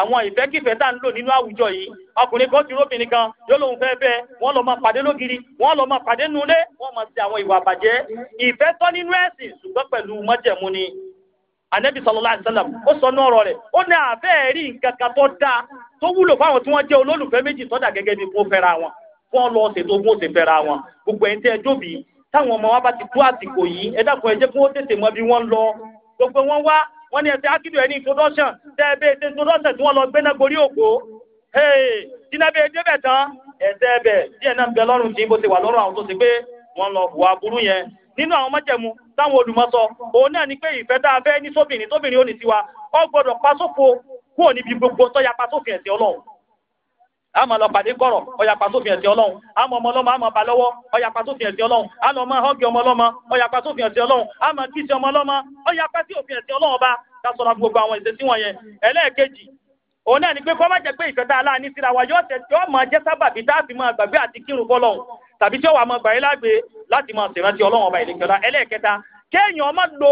àwọn ìfẹ́kífẹ́ tá ń lò nínú àwùjọ yìí ọkùnrin kan ti róbìnrin kan yóò lóun fẹ́ bẹ́ẹ̀ wọ́n lọ máa pàdé lógiri wọ́n lọ máa pàdé nulẹ̀ wọ́n máa ṣe àwọn ìwà àbàjẹ́ ìfẹ́ tọ́ nínú ẹ̀sìn ṣùgbọ́n pẹ̀lú mọ́jẹ̀mú ni anabi sallallahu alayhi wa sallam ó sọ ní ọ̀rọ̀ rẹ̀ ó ní àfẹ́ rí nǹkan kan tó dáa tó wúlò fáwọn tí wọ́n jẹ́ olólùfẹ́ méjì tó dà gẹ́gẹ́ bí kó fẹ́ra wọn kó lọ ṣètò ogún ó ṣe fẹ́ra wọn gbogbo ẹni tí ẹ jóbi táwọn ọmọ wa bá ti tó àsìkò yìí ẹ dákun ẹ jẹ́ kó tètè mọ bí wọ́n lọ gbogbo wọn wá wọ́n ní ẹsẹ̀ ákídù ẹni introduction tẹ́ ẹ bẹ́ẹ̀ ṣe introduction tí wọ́n lọ gbé náà gorí òkò jìnnàbí ẹ débẹ̀ tán ẹ̀sẹ̀ ẹbẹ̀ díẹ̀ náà bẹ lọ́rùn nínú àwọn májẹ̀mú táwọn olùmọ̀sọ òun náà ni pé ìfẹ́ tá ní sóbìnrin tóbìnrin ó ní tiwa ọ gbọ́dọ̀ pa kúrò níbi gbogbo tó ya sófin ẹ̀sìn ọlọ́run àmọ́ lọ pàdé kọ̀rọ̀ ọ̀yàpá sófin ẹ̀sìn ọlọ́run àmọ́ ọmọ ọlọ́mọ àmọ́ bá lọ́wọ́ ọ̀yàpá ẹ̀sìn ọlọ́run àmọ́ ọmọ ọ̀gì ọmọ ọlọ́mọ láàánú síra wa yóò jẹ́ sábàbí máa gbàgbé àti kírun tàbí tí ó wà mọ gbàyè lágbè láti máa ṣèrántí ọlọ́run ọba ìlẹ́kẹ̀ọ́lá ẹlẹ́ẹ̀kẹta kéèyàn má lo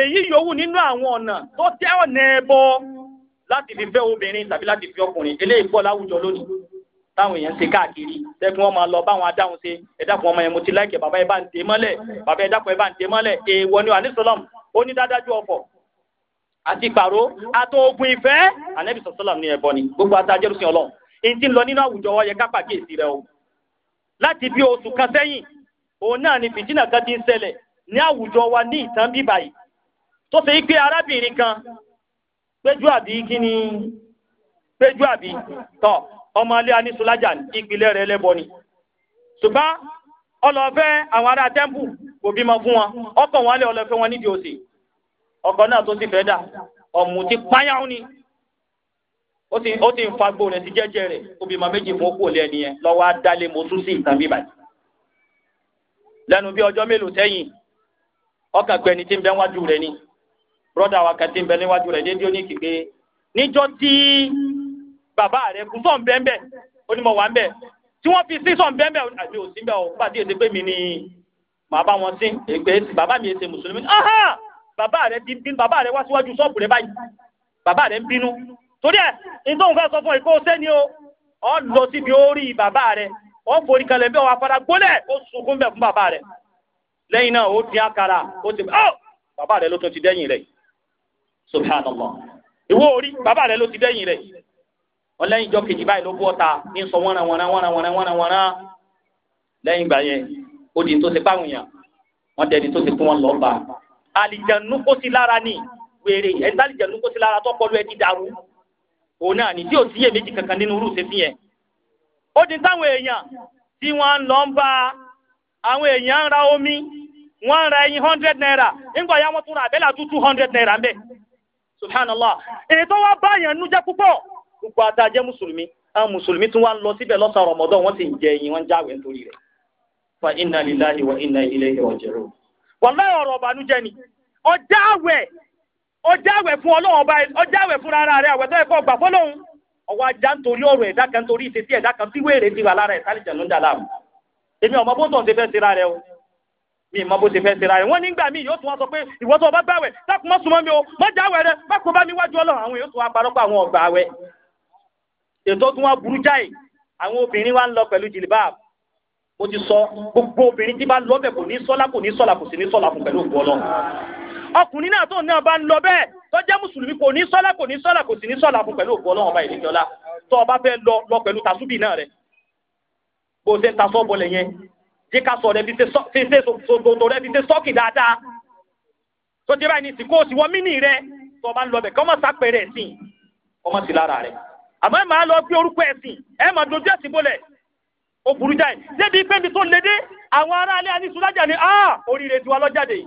èyí yòówù nínú àwọn ọ̀nà tó tẹ́ ọ̀nà ẹbọ láti fi fẹ́ obìnrin tàbí láti fi ọkùnrin eléyìí pọ̀ láwùjọ lónìí táwọn èèyàn ń ṣe káàkiri tẹ́kun wọn máa lọ báwọn adáhùn ṣe ẹ̀dàpọ̀ ọmọ yẹn mo ti láìkẹ́ bàbá ẹ bá ń tè mọ́lẹ̀ bàbá ẹ̀dàpọ̀ ẹ bá ń tè mọ́lẹ̀ èèwọ̀ ni àníṣọlọ́m ó ní dádájú ọkọ̀ àti pàró àtòògùn ìfẹ́ ànẹ́bí sọ̀sọ́làm ní ẹ̀bọ ni gbogbo atajẹ́rùsìn ọlọ́run èyí tí ń lọ nínú àwùjọ wa yẹ ká pàkíyèsí rẹ o láti bí oṣù kan sẹ́yìn òun náà ni fìtínà kan ti ń ṣẹlẹ̀ ní àwùjọ wa ní ìtàn bíbà yìí tó ṣe pé arábìnrin kan péjú àbí kí ni péjú àbí tọ ọmọ alẹ́ anísùlájà ìpìlẹ̀ rẹ̀ lẹ́bọ ni ṣùgbọ́n ọlọ́fẹ́ àwọn ará tẹ́ḿpù kò bímọ fún wọn ọkọ̀ wọn alẹ́ ọlọ́fẹ́ wọn nídìí òsì ọkọ̀ náà tó ti fẹ́ dà ọ̀mùtí páyáwó ni ó ti ó ti ń fagbó rẹ̀ ti jẹ́jẹ́ rẹ̀ obì máa méjì fún kò lẹ́ni yẹn lọ́wọ́ á dálé mo tún sí ìtàn bíbáyì. lẹ́nu bí ọjọ́ mélòó sẹ́yìn ọkàn pé ẹni tí ń bẹ wájú rẹ̀ ni brọ́dà wa kan tí ń bẹ níwájú rẹ̀ déédéé ó ní kíkẹ́ níjọ́ tí bàbá rẹ̀ kú sọ̀ ń bẹ́ẹ̀ bẹ́ẹ̀ ó ní wà ń bẹ́ẹ̀ tí wọ́n fi sí sọ̀ ń bẹ́ẹ̀ bẹ́ẹ̀ àbí ò sí bẹ́ẹ̀ o pàdé èdè pé mi ni màá bá wọn sí ègbè bàbá mi èsè mùsùlùmí bàbá rẹ̀ ti bínú bàbá rẹ̀ wá síwájú ṣọ́ọ̀bù rẹ̀ báyìí bàbá rẹ̀ ń bínú torí ẹ̀ nítorí fẹ́ sọ fún ìkó sẹ́ni o ọ lọ síbi orí bàbá rẹ ọ forí kalẹ̀ bí ọwọ́ afárá gbólẹ̀ ó sunkún bẹ̀ fún bàbá rẹ lẹ́yìn náà ó di àkàrà ó ti ọ bàbá rẹ ló tún ti dẹ́yìn rẹ subhanallah ìwọ orí bàbá rẹ ló ti dẹ́yìn rẹ ọlẹ́yìn ìjọ kejì báyìí ló bú ọ̀tá ní sọ wọ́nra wọ́nra wọ́nra wọ́nra wọ́nra wọ́nra lẹ́yìn ìgbà yẹn ó di tó ti báwọn yàn wọ́n dẹni tó ti kún wọn lọ́ọ́ bá àlìjẹ̀nu sí lára ní wèrè ẹ̀ńtàlìjẹ̀nu kó sí lára tó kọlu ẹ ti dàrú ona ni ní o ò síyè meji kankan nínú irú ṣe fi yẹn O di táwọn èèyàn tí wọ́n ń lọ ń bá ra omi Nwa nra ra ẹyin naira nígbà ya wọ́n tún ra àbẹ́là tu naira ń subhanallah e tó wá bá yẹn nu jẹ́ púpọ̀ gbogbo àtàjẹ́ je musulmi mùsùlùmí musulmi wá lọ síbẹ̀ lọ́sàn losa rọmọdọ́ wọ́n sì ń jẹ ẹyin inna lillahi wa inna ilayhi raji'un ni ọjà àwẹ̀ fún ọlọ́run ọba ọjà àwẹ̀ fún ara rẹ̀ àwẹ̀ tó ẹ̀kọ́ gbà fọlọ́run ọwọ́ ajá nítorí ọ̀rọ̀ ẹ̀dá kan torí ìṣesí ẹ̀dá kan tí wéèrè ti wà lára ẹ̀ sálìjà ló ń dàlá mu èmi ọmọ bó tàn ṣe fẹ́ ṣera rẹ o mi ìmọ̀ bó ṣe fẹ́ ṣera rẹ wọ́n nígbà míì yóò tún wá sọ pé ìwọ tó ọba gbàwẹ̀ dákun o mọ́ mo ti sọ gbogbo obìnrin tí bá lọ́bẹ̀ kò ní sọ́lá kò ní sọ́lá kò sí ní sọ́lá fún pẹ̀lú ògbọ́n náà ọkùnrin náà tó náà bá ń lọ bẹ́ẹ̀ tó jẹ́ mùsùlùmí kò ní sọ́lá kò ní sọ́lá kò sì ní sọ́lá fún pẹ̀lú òkú ọlọ́run ọba ìdíjọlá tó o bá fẹ́ lọ lọ pẹ̀lú tàṣúbì náà rẹ̀ bó o ṣe ń ta sọ́ọ̀bọ̀lẹ̀ yẹn jẹ́ ká sọ rẹ̀ fi ṣe sòtò rẹ̀ fi ṣe sọ́ọ̀kì dáadáa tó ti báyìí ní ìsìnkú òsì wọ mínì rẹ̀ tó o bá ń lọ bẹ̀ kọ́mọ̀ sápẹ̀rẹ̀ ẹ̀sìn kọ́mọ̀ sí jáì débi pé ibi tó lédè àwọn aráalé anísùlájà ni oríire tiwa lọ́jáde yìí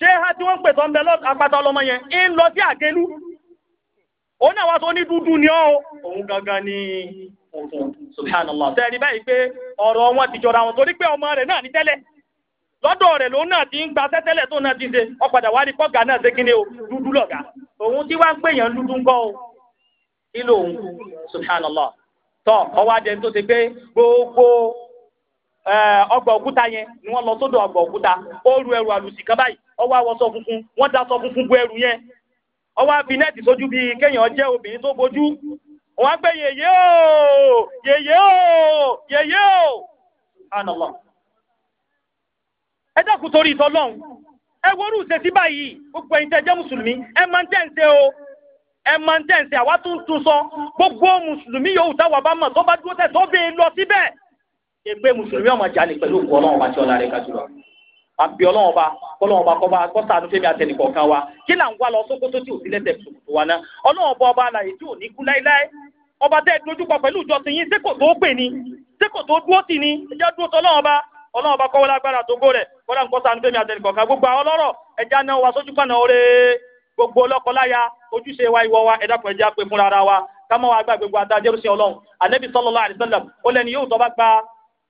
ṣé ha tí wọ́n pè tó ń bẹ apáta ọlọ́mọ yẹn ń lọ sí àgélú òun náà wá tó ní dúdú ni ọ́ òun gangan ni subhanallah báyìí pé ọ̀rọ̀ wọn ti jọra wọn torí pé ọmọ rẹ̀ náà ní tẹ́lẹ̀ lọ́dọ̀ rẹ̀ lòun náà ti ń gba tẹ́tẹ́lẹ̀ tó náà ti ṣe ọ̀padà wá ní kọ́gà náà ṣe o dúdú kí Eh, ọgbà òkúta yẹn ni wọ́n lọ sódò ọgbà òkúta ó ru ẹrù àlùsì kan báyìí ọwọ́ awọsọ funfun wọ́n daṣọ funfun bu ẹrù yẹn ọwọ́ àfi nẹ́ẹ̀tì sójú bíi kéèyàn jẹ́ obìnrin tó bojú wọ́n gbé yèyé o yèyé o yèyé o ànàlọ. ẹ dákun torí ìtọ́lọ́hún ẹ worú ìṣesí báyìí gbogbo ẹ̀yin tẹ́ jẹ́ mùsùlùmí ẹ máa ń tẹ̀ ń ṣe o ẹ máa ń tẹ̀ ń ṣe àwa tún tún sọ gbogbo mùsùlùmí yòówù táwa bá mọ̀ tó bá dúró tẹ̀ tó bẹ́ẹ̀ lọ síbẹ̀ ṣe pé mùsùlùmí ọmọ jalè pẹ̀lú òkú ọlọ́run ọba tí ọlá rẹ̀ kájú lọ. àbí ọlọ́run ọba kọ́lọ́run ọba kọ́ba kọ́sàánú fẹ́mi àtẹnìkọ̀ọ̀kan wa kí là ń wá lọ sókótó tí ò sí lẹ́sẹ̀ tòkòtò wa náà ọlọ́run ọba ọba àlàyé tí ò ní kú láéláé ọba tẹ́ ẹ dojúkọ pẹ̀lú ìjọsìn yín sẹ́kò tó pè ní sẹ́kò tó dúró tì ní ẹjọ́ dúró tọ́lọ́run ọba ọlọ́run ọba kọ́wọ́ lágbára tó gó rẹ̀ kọ́lá nǹkan sànú fẹ́mi àtẹnìkọ̀ọ̀kan gbogbo àwọn ọlọ́rọ̀ ẹja náà wa sójú kànáà oore gbogbo ọlọ́kọláya ojúṣe wa ìwọ wa ẹ̀dá pẹ̀lú ẹja pé fúnra wa ká mọ́ wa gbà gbogbo àtàjẹ́rùsìn ọlọ́run ànẹ́bí sallallahu alaihi wasallam ó lẹ́ni yóò tọ́ bá gba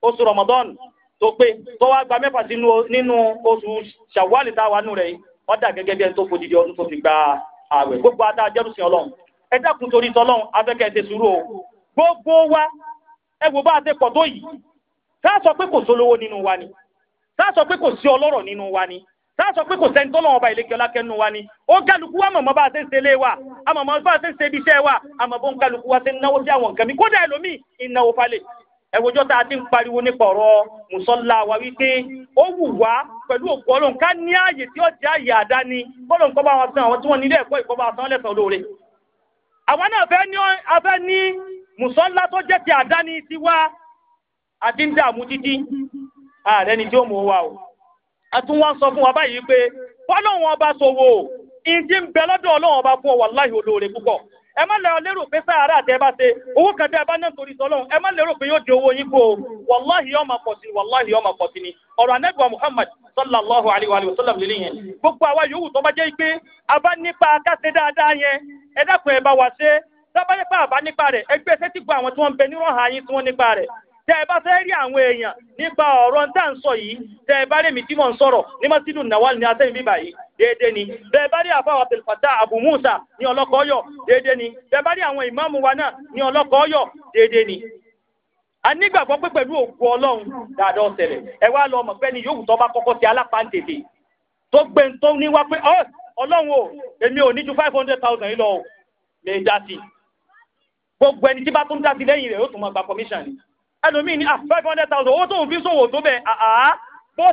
oṣù Ramadan tó pé tó wá gba mẹ́fà nínú oṣù Ṣàwálì tá a wà nù rẹ̀ wọ́n dà gẹ́gẹ́ bí ẹni tó fòdìdí ọdún tó fi gba ààwẹ̀ gbogbo adá jẹ́rùsìn Ọlọ́run ẹ dákun torí tọlọ́run afẹ́kẹ́ ẹ ti sùúrù o gbogbo wa ẹ wò bá a ṣe pọ̀ tó yìí tá sọ pé kò sólówó nínú wa ni tá sọ pé kò sí ọlọ́rọ̀ nínú wa ni tá sọ pé kò sẹ́ni tó ọba ìlẹ́kẹ́ ọlákẹ́nu wa ni ó kálukú wa mọ̀mọ́ bá a ṣe ń ṣẹlẹ̀ wa àmọ̀mọ́ bá a ṣe ń ṣe ibi iṣẹ́ wa àmọ̀bọ́ ń wa ṣe ń náwó sí àwọn nǹkan mi kódà ẹlòmíì ìnáwó falẹ̀ ẹ̀wòjọ́ tá a ti ń pariwo nípa ọ̀rọ̀ mùsọ́lá wa wípé ó wù wá pẹ̀lú òkú ọlọ́run ká ní ààyè tí ó jẹ́ ààyè àdáni bọ́lọ̀ nǹkan bá wọn san àwọn tí wọ́n nílé ẹ̀kọ́ ìkọ́ bá wọn san lẹ́sàn olóore. àwa náà fẹ́ ní mùsọ́lá tó jẹ́ ti àdáni ti wá àti ń dààmú títí ààrẹ ni tí ó mú wa o. a tún wá ń sọ fún wa báyìí pé bọ́lọ̀ wọn bá sọ wo ẹ má lọ lérò pé sáárà tẹ bá ṣe owó kan tẹ bá náà torí sọlọ́run ẹ má lérò pé yóò di owó yín kú o wàláhì yóò máa pọ̀ sí wàláhì yóò máa pọ̀ sí ni ọ̀rọ̀ anẹ́gbà Muhammad sallallahu alayhi wa sallam lè yẹn gbogbo àwa yòówù tó bá jẹ́ pé a bá nípa káṣe dáadáa yẹn ẹ dákun ẹ bá wá ṣe sábà àbá nípa rẹ̀ ẹgbẹ́ sẹ́tì gbọ́ tẹ ẹ bá fẹ́ rí àwọn èèyàn nípa ọ̀rọ̀ ń sọ yìí tẹ ẹ bá rèmi tí mò ń sọ̀rọ̀ ní masjidu nawal ní atẹ́yìn bíbá yìí déédé ni bẹ́ẹ̀ bá rí àfáwọn àtẹlifàtà Abu ní ọlọ́kọ̀ ọyọ̀ déédé ni bẹ́ẹ̀ bá rí àwọn ìmáàmù wa náà ní ọlọ́kọ̀ ọyọ̀ déédé ni. a nígbàgbọ́ pé pẹ̀lú ògùn ọlọ́run dáadáa ọ̀sẹ̀lẹ̀ ẹ wá lọ ọmọ pẹ́ni yòówù tó bá kọ́kọ́ ti alápáǹtẹ̀tẹ̀ tó gbé tó ní wá pé ọlọ́run o èmi ò ní ju five hundred thousand yìí lọ o lè dá sí gbogbo ẹni tí bá tún dá sí ni ẹlòmíì ah, five hundred thousand owó tóun fi ṣòwò tó bẹ̀ àá bó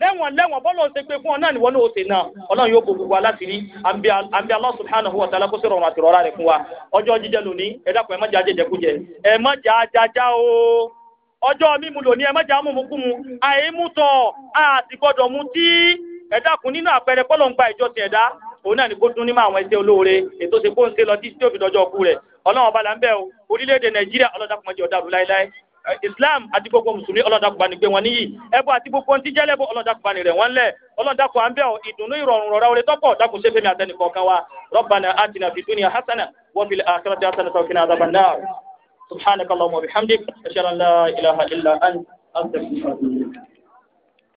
lẹ́wọ̀n lẹ́wọ̀n bọ́lọ̀ ṣe pé fún ọ náà níwọ̀n náà ó ṣe náà ọlọ́run yóò bo gbogbo aláti rí àbí Allah subhanahu wa ta'ala kó rọrùn àti rọra rẹ̀ fún wa ọjọ́ jíjẹ lónìí ẹ dákun ẹ ẹ ajaja o ọjọ́ mímu lónìí ẹ amúmukúmu àìmútọ̀ àti gbọ́dọ̀ tí ẹ nínú àpẹẹrẹ bọ́lọ̀ gba ìjọsìn òun náà ni kó dún ní máa àwọn ẹsẹ olóore ètò ṣe kó ń ṣe lọ tí tí òbí dọjọ́ ọkú rẹ̀ ọlọ́run ọba là ń bẹ̀ o orílẹ̀-èdè nàìjíríà Eh, islam àti gbogbo mùsùlùmí ọlọ́dàkùnbá ni gbé wọn níyì ẹbọ àti gbogbo ti jẹ́ lẹ́bọ̀ ọlọ́dàkùnbá ni rẹ̀ wọ́n lẹ̀ ọlọ́dàkùn à ń bẹ̀ ìdùnnú ìrọ̀rùn rọra orí tọ́pọ̀ dákun ṣe fẹ́mi àtẹnìkọ̀ kan wa rabbana atina fid dunya hasana wa fil akhirati hasana wa qina adhaban nar subhanakallahumma wa bihamdik ashhadu an la ilaha illa anta astaghfiruka wa atubu ilayk